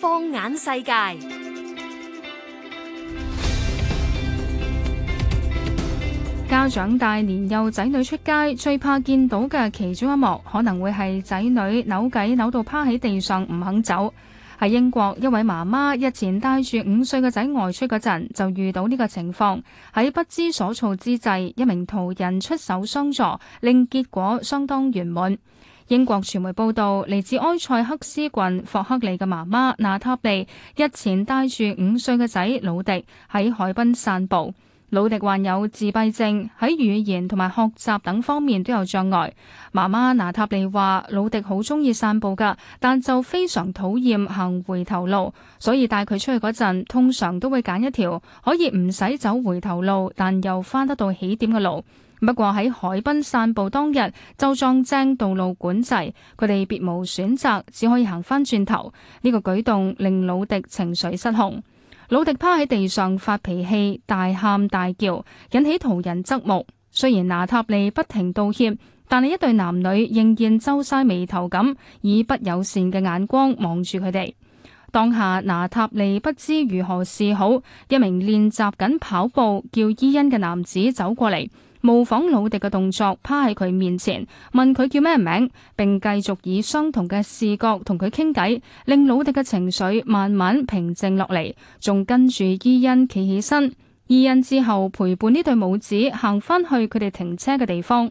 放眼世界，家長帶年幼仔女出街，最怕見到嘅其中一幕，可能會係仔女扭計扭到趴喺地上唔肯走。喺英國，一位媽媽日前帶住五歲嘅仔外出嗰陣，就遇到呢個情況。喺不知所措之際，一名途人出手相助，令結果相當圓滿。英國傳媒報道，嚟自埃塞克斯郡霍克利嘅媽媽娜塔莉日前帶住五歲嘅仔魯迪喺海濱散步。魯迪患有自閉症，喺語言同埋學習等方面都有障礙。媽媽娜塔莉話：魯迪好中意散步㗎，但就非常討厭行回頭路，所以帶佢出去嗰陣，通常都會揀一條可以唔使走回頭路，但又返得到起點嘅路。不過喺海濱散步當日，周莊正道路管制，佢哋別無選擇，只可以行翻轉頭。呢、這個舉動令老迪情緒失控，老迪趴喺地上發脾氣，大喊大叫，引起途人側目。雖然娜塔莉不停道歉，但係一對男女仍然皺晒眉頭咁，以不友善嘅眼光望住佢哋。當下，娜塔莉不知如何是好。一名練習緊跑步叫伊恩嘅男子走過嚟，模仿魯迪嘅動作趴喺佢面前，問佢叫咩名，並繼續以相同嘅視角同佢傾偈，令魯迪嘅情緒慢慢平靜落嚟，仲跟住伊恩企起身。伊恩之後陪伴呢對母子行返去佢哋停車嘅地方。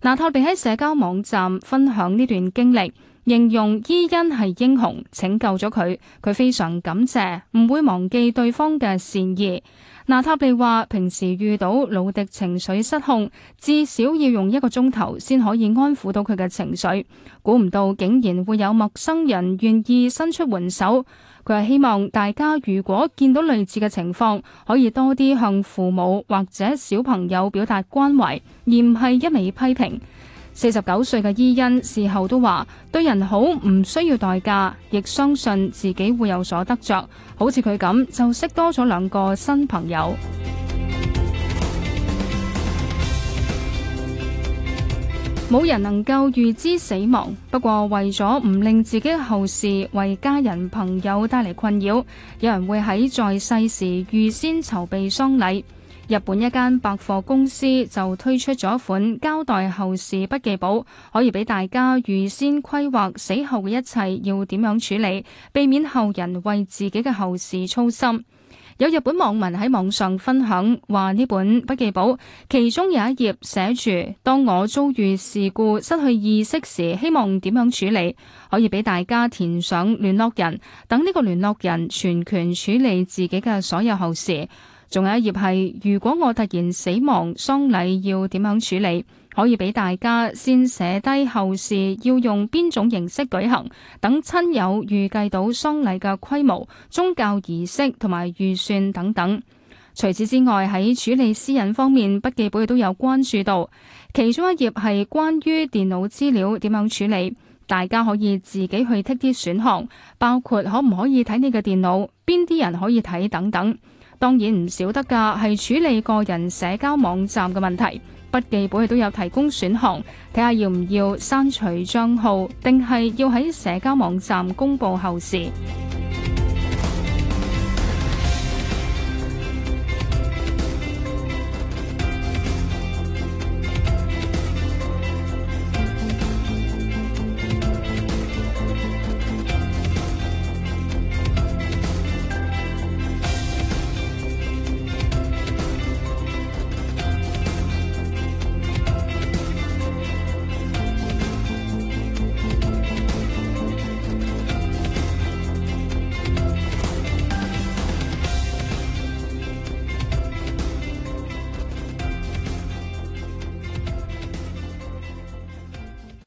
娜塔莉喺社交網站分享呢段經歷。形容伊恩係英雄，拯救咗佢，佢非常感謝，唔會忘記對方嘅善意。納塔利話，平時遇到老迪情緒失控，至少要用一個鐘頭先可以安撫到佢嘅情緒，估唔到竟然會有陌生人願意伸出援手。佢係希望大家如果見到類似嘅情況，可以多啲向父母或者小朋友表達關懷，而唔係一味批評。四十九歲嘅伊恩事後都話，對人好唔需要代價，亦相信自己會有所得着。好似佢咁，就識多咗兩個新朋友。冇 人能夠預知死亡，不過為咗唔令自己後事為家人朋友帶嚟困擾，有人會喺在，在世時預先籌備喪禮。日本一間百貨公司就推出咗款交代後事筆記簿，可以俾大家預先規劃死後嘅一切要點樣處理，避免後人為自己嘅後事操心。有日本網民喺網上分享話呢本筆記簿，其中有一頁寫住：當我遭遇事故失去意識時，希望點樣處理？可以俾大家填上聯絡人，等呢個聯絡人全權處理自己嘅所有後事。仲有一頁係，如果我突然死亡，喪禮要點樣處理？可以俾大家先寫低後事要用邊種形式舉行，等親友預計到喪禮嘅規模、宗教儀式同埋預算等等。除此之外，喺處理私隱方面，筆記簿亦都有關注到。其中一頁係關於電腦資料點樣處理，大家可以自己去剔啲選項，包括可唔可以睇你嘅電腦，邊啲人可以睇等等。當然唔少得㗎，係處理個人社交網站嘅問題。筆記簿亦都有提供選項，睇下要唔要刪除帳號，定係要喺社交網站公佈後事。